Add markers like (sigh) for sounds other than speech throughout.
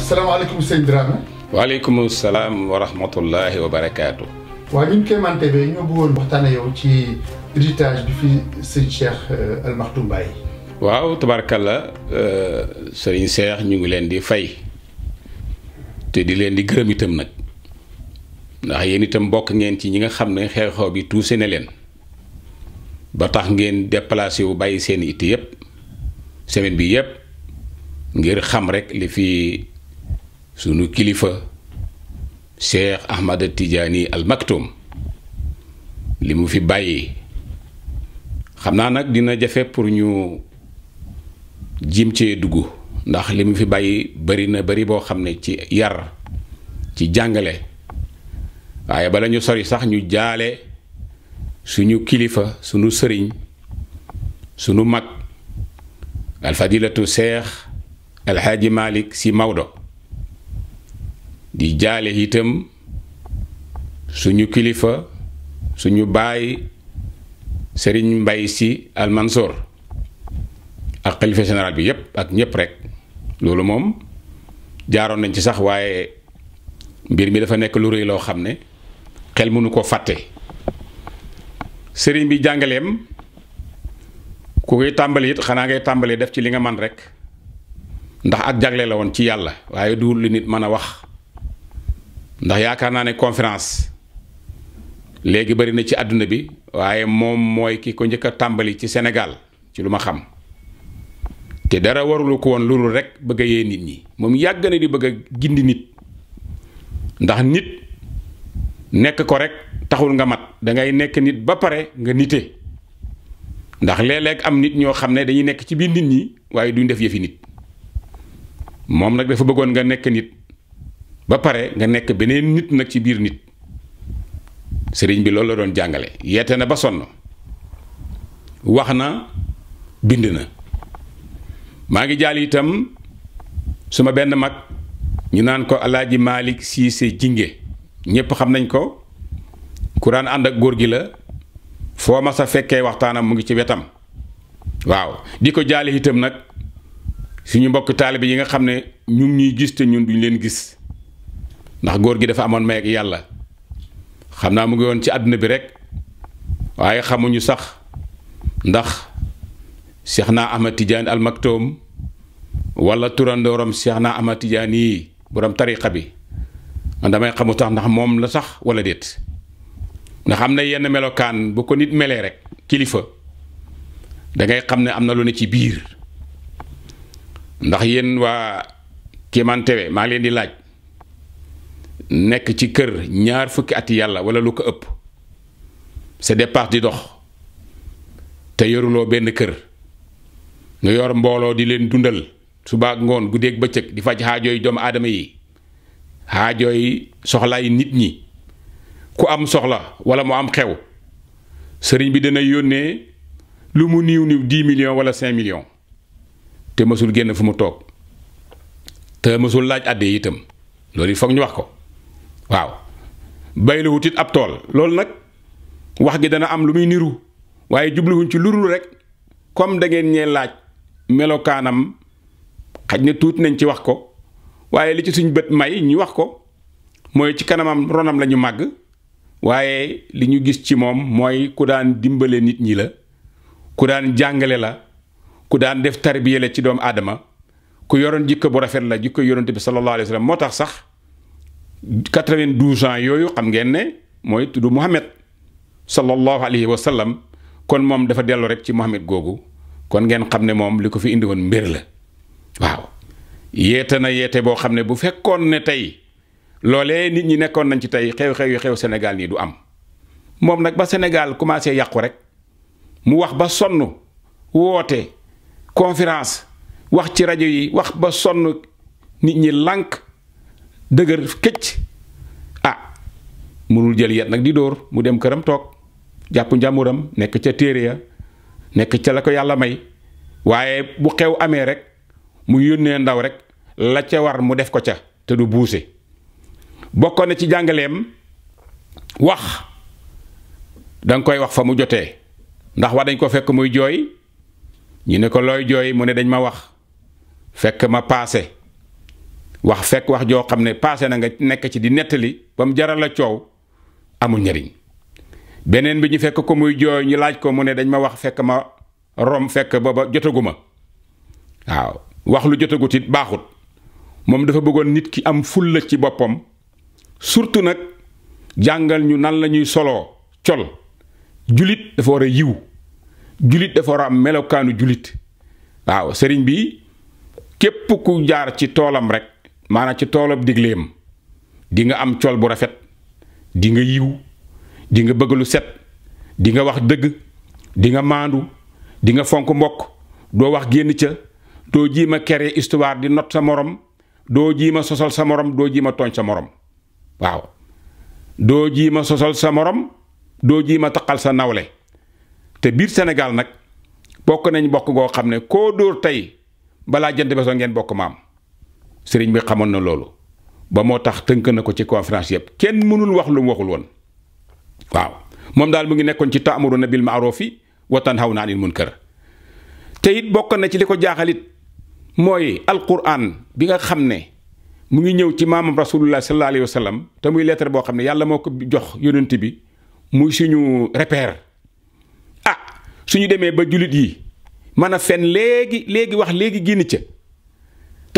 salaamaaleykum sëñ Dramé. waaleykum salaam wa rahmatullahi wa barakaatu. waa ñun Kéemaan TV ñoo bëggoon waxtaane yow ci héritage bi fi sëñ Cheikh euh, Al Maktoum Baye. waaw tabarkalla euh, sëriñ Cheikh ñu ngi leen di fay te di leen di gërëm itam nag ndax yéen itam bokk ngeen ci ñi nga xam ne xew-xew bi tuuse ne leen ba tax ngeen déplacé wu bàyyi seen itti yépp semaine bi yépp ngir xam rek li fi sunu kilifa Cheikh Ahmada Tidiane Al Maktoum li mu fi bàyyi xam naa nag dina jafe pour ñu jim cee dugg ndax li mu fi bàyyi bari na bari boo xam ne ci yar ci jàngale waaye bala ñu sori sax ñu jaale suñu kilifa suñu sëriñ suñu mag alfadilatu seex alxaaji malik si Maodo di jale hitam suñu kilifa suñu bay serigne mbay si al mansour ak khalifa general bi yep ak ñep rek lolu mom jaaroon nañ ci sax waye mbir mi dafa nek lu lo xamne xel mu nu ko fatte serigne bi jangalem ku ngay tàmbali it xana ngay def ci li nga man rek ndax ak jagle la won ci yalla waye duul lu nit wax ndax yaakaar naa ne conférence léegi bari na ci àdduna bi waaye moom mooy ki ko njëkk a tàmbali ci Sénégal ci lu ma xam te dara warulu ko woon loolu rek bëgg a yee nit ñi moom yàgg na di bëgg a gindi nit ndax nit nekk ko rek taxul nga mat da ngay nekk nit ba pare nga nite ndax léeg-léeg am nit ñoo xam ne dañuy nekk ci biir nit ñi waaye duñ def yëfi nit moom nag dafa bëggoon nga nekk nit ba pare nga nekk beneen nit nag ci biir nit sëriñ bi loolu la doon jàngale yeete na ba sonn wax na bind na maa ngi jaal itam suma benn mag ñu naan ko maalik sii Cissé jinge ñépp xam nañ ko ku daan ànd ak góor gi la foo ma sa fekkee waxtaanam mu ngi ci wetam waaw di ko jaale itam nag suñu mbokk taalibe yi nga xam ne ñu ñuy gis te ñun duñ leen gis ndax góor gi dafa amoon may ak yàlla xam naa mu ngi woon ci àdduna bi rek waaye xamuñu sax ndax Cheikh naa Ahmad Tidiane al Maktoum wala turandooram Cheikh naa Ahmad Tidiane yi borom tariqa bi man damay xamu tax ndax moom la sax wala déet ndax am na yenn melokaan bu ko nit melee rek kilifa da ngay xam ne am na lu ne ci biir ndax yéen waa kimantewe TV maa di laaj. nekk ci kër ñaar fukki at yàlla wala lu ko ëpp sa dépense di dox te yoruloo benn kër nga yor mbooloo di leen dundal suba ak ngoon guddeeg bëccëg di faj xaajooy doomu aadama yi xaajooy soxlaay nit ñi ku am soxla wala mu am xew sëriñ bi dana yónnee lu mu niiw niiw dix million wala cinq millions te mësul génn fu mu toog te mësul laaj àddee itam loolu il foog ñu wax ko waaw bay baylu wutit ab tool loolu nag wax gi dana am lu muy niru waaye jubluwuñ ci lurul rek comme dangeen ñee laaj melokaanam xaj ne tuuti nañ ci wax ko waaye li ci suñ bët may ñu wax ko mooy ci kanamam ronam lañu màgg waaye li ñu gis ci moom mooy ku daan dimbale nit ñi la ku daan jàngale la ku daan def tarbiya la ci doomu aadama ku yoroon jikko bu rafet la jikko yonante bi sallallahu alayhi moo tax sax 92 ans yooyu xam ngeen ne mooy tudd Muhammad sallallahu alayhi wa kon moom dafa dellu rek ci Muhammad googu kon ngeen xam ne moom li ko fi indi woon mbir la waaw yeete na yeete boo xam ne bu fekkoon ne tey loole nit ñi nekkoon nañ ci tey xew-xew yu xew Sénégal nii du am moom nag ba Sénégal commencé yàqu rek mu wax ba sonn woote conférence wax ci rajo yi wax ba sonn nit ñi lank dëgër kecc ah munul jël nang nak di dóor mu dem kërëm tok jàpp njàmburam nek ca téré ya nek ca la ko yalla may waaye bu xew amé rek mu yonne ndaw rek la ca war mu def ko ca te du bousé bokkoon na ci jangalem wax dang koy wax fa mu joté ndax wa dañ ko fekk muy joy ñu ne ko loy joy mu ne dañ ma wax fekk ma passé wax fekk wax joo xam ne paase na nga nekk ci di nettali ba mu jaral la coow amul njariñ beneen bi ñu fekk ko muy jooy ñu laaj ko mu ne dañ ma wax fekk ma rom fekk booba jotaguma waaw wax lu jotagut it baaxut moom dafa bëggoon nit ki am fulla ci boppam surtout nag jàngal ñu nan la ñuy soloo col julit dafa war a yiw julit dafa war a am melokaanu julit waaw sëriñ bi képp ku jaar ci toolam rek mana ci toolab digleem di nga am col bu rafet di nga yiw di nga bëgg lu set di nga wax dëgg di nga maandu di nga fonk mbokk doo wax génn ca doo jiima kere histoire di not sa morom doo jiima sosal sa morom doo jiima tooñ sa morom waaw doo jiima sosal sa morom doo jiima taqal sa nawle te biir Sénégal nag bokk nañ bokk goo xam ne koo dóor tey balaa jant ngeen bokk maam sëriñ bi xamoon na loolu ba moo tax tënk na ko ci conférence yëpp kenn mënul wax lu mu waxul woon waaw moom daal mu ngi nekkoon ci taamuruna bil maarufi wa tanhawna anil munkar te it bokkan na ci li ko jaaxalit mooy alquran bi nga xam ne mu ngi ñëw ci maamam rasulullah sallallahu alayhi te muy lettre boo xam ne yàlla moo ko jox yonent bi muy suñu repère ah suñu demee ba jullit yi mën a fen léegi léegi wax léegi génn ca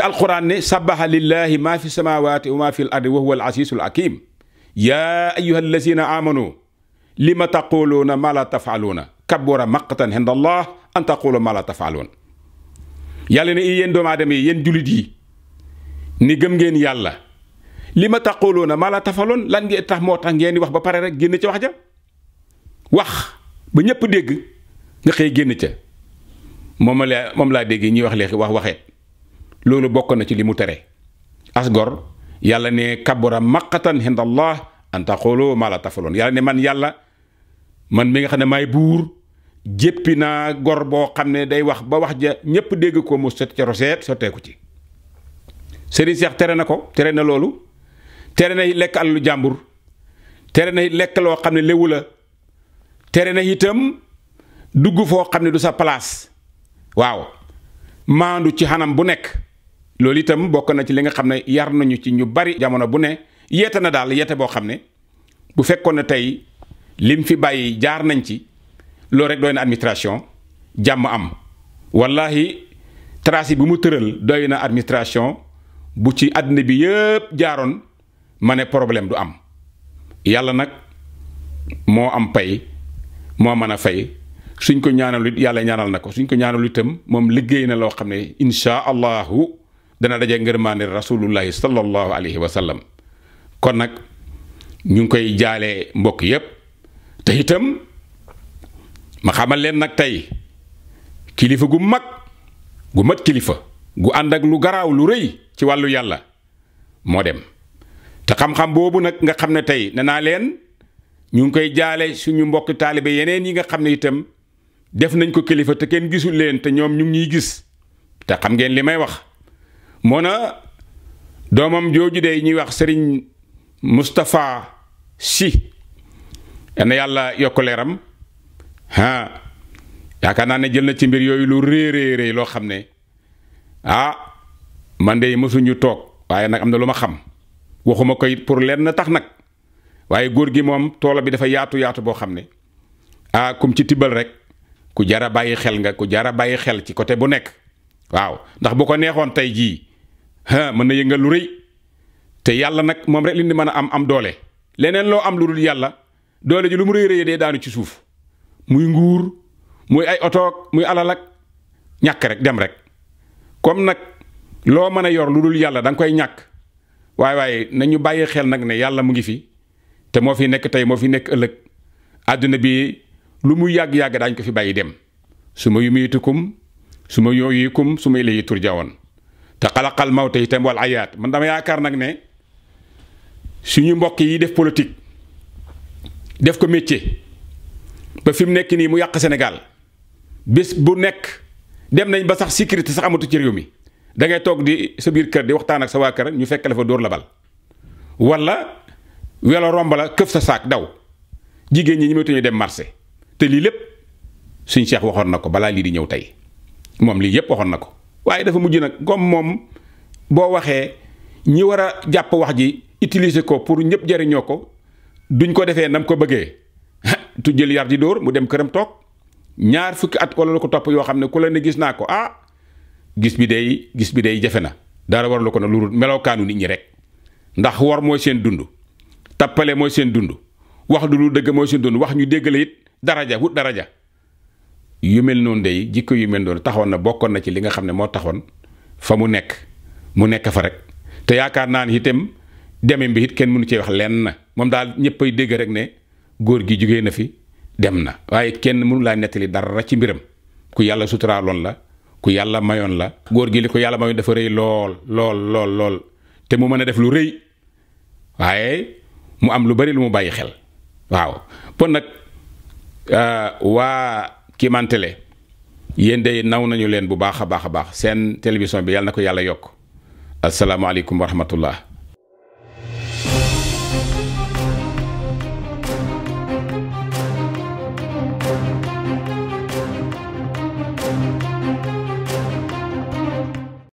te alquran ne sabaha lillahi ma fi samawati wa ma fi l ardi wa huwa al asisul hakim ya ayuha allazina amanu lima taquluuna ma la tafaaluuna kabura maqtan inda allah an taqulu ma la tafaaluun yàlla ne yéen doomu aadama yi yéen julit yi ni gëm ngeen yàlla li ma taquluuna ma la tafaloon lan ngeen tax moo tax ngeen di wax ba pare rek génn ca wax ja wax ba ñëpp dégg nga xëy génn ca moom la moom laa dégg ñuy wax léegi wax waxeet loolu bokk na ci li mu tere asgor yàlla ne kabura maqatan hindallah an taqulu ma la yàlla ne man yàlla man mi nga xam ne may buur jéppi na gor boo xam ne day wax ba wax ja ñépp dégg ko mu sotti ca roseet sotteeku ci sëriñ Seex tere na ko tere na loolu tere na lekk alalu jàmbur tere na lekk loo xam ne léwu la tere na itam dugg foo xam ne du sa place waaw maandu ci xanam bu nekk loolu itam bokk na ci li nga xam ne yar nañu ci ñu bari jamono bu ne yeete na daal yete boo xam ne bu fekkoon na tey lim fi bàyyi jaar nañ ci loolu rek doy na administration jàmm am wallahi tracé bu mu tëral doy na administration bu ci àddina bi yëpp jaaroon ma ne problème du am yàlla nag moo am pay moo mën a fay suñ ko ñaanal yàlla ñaanal na ko suñ ko ñaanal itam moom liggéey na loo xam ne incha allahu dana daje ngërmaande rasulullahi sallallahu alayhi wa sallam kon nag ñu ngi koy jaale mbokk yépp te itam ma xamal leen nag tey kilifa gu mag gu mat kilifa gu ànd ak lu garaaw lu rëy ci wàllu yàlla moo dem te xam-xam boobu nag nga xam ne tey ne naa leen ñu ngi koy jaale suñu mbokk taalibe yeneen yi nga xam ne itam def nañ ko kilifa te kenn gisu leen te ñoom ñu ngi ñuy gis te xam ngeen li may wax moo na doomam jooju de ñuy wax sëriñ Moustapha Sy na yàlla yokk leeram ah yaakaar naa ne jël na ci mbir yooyu lu réy réy loo xam ne ah man de mësuñu toog waaye nag am na lu ma xam waxuma ko it pour lenn tax nag waaye góor gi moom toola bi dafa yaatu yaatu boo xam ne ah kum ci tibbal rek ku jara bàyyi xel nga ku jara bàyyi xel ci côté bu nekk waaw ndax bu ko neexoon tey jii mën na yëngal lu rëy te yàlla nag moom rek li ni mën a am am doole leneen loo am lu dul yàlla doole ji lu mu rëy rëy dee daanu ci suuf muy nguur muy ay otoog muy alal ak ñàkk rek dem rek comme nag loo mën a yor lu dul yàlla danga koy ñàkk waaye waaye na ñu bàyyi xel nag ne yàlla mu ngi fi te moo fi nekk tey moo fi nekk ëllëg àdduna bi lu muy yàgg-yàgg daañ ko fi bàyyi dem su ma yu muyitukum su ma yooyukum su ma ilayhi turjawoon te xalaqal mawta itam wal ayaat man dama yaakaar nag ne suñu mbokk yi def politique def ko métier ba fi mu nekk nii mu yàq Sénégal bés bu nekk dem nañ ba sax sécurité sax amatu ci réew mi da ngay toog di sa biir kër di waxtaan ak sa waa kër ñu fekk la fa dóor la bal walla welo romb la këf sa saak daw jigéen ñi ñemetuñu dem marché te lii lépp suñ Cheikh waxoon na ko balaa lii di ñëw tey moom lii yépp waxoon na ko. waaye dafa mujj nag comme moom boo waxee ñi war a jàpp wax ji utiliser ko pour ñëpp jariñoo ko duñ ko defee nam ko bëggee (laughs) tu jël yar di dóor mu dem këram toog ñaar fukki at wala lu ko topp yoo xam ne ku la ne gis naa ko ah gis bi day gis bi day jafe na dara war ko na lu melookaanu nit ñi rek ndax wor mooy seen dund tappale mooy seen dund wax du lu dëgg mooy seen dund wax ñu dégg la it daraja wut daraja yu mel noonu day jikko yu mel noonu taxoon na bokkoon na ci li nga xam ne moo taxoon fa mu nekk mu nekk fa rek te yaakaar naa ni itam demem bi it kenn mënu cee wax lenn na moom daal ñëpp ay dégg rek ne góor gi jugee na fi dem na waaye kenn mënu laa nettali dara ci mbiram ku yàlla suturaaloon la ku yàlla mayoon la góor gi li ko yàlla mayoon dafa rëy lool lool lool te mu mën a def lu rëy waaye mu am lu bari lu mu bàyyi xel waaw bon nag euh, waa Kimantele yéen de naw nañu len bu baakha baakha baax sen télévision bi yàlla nako yalla yok assalamu alaykum wa rahmatullah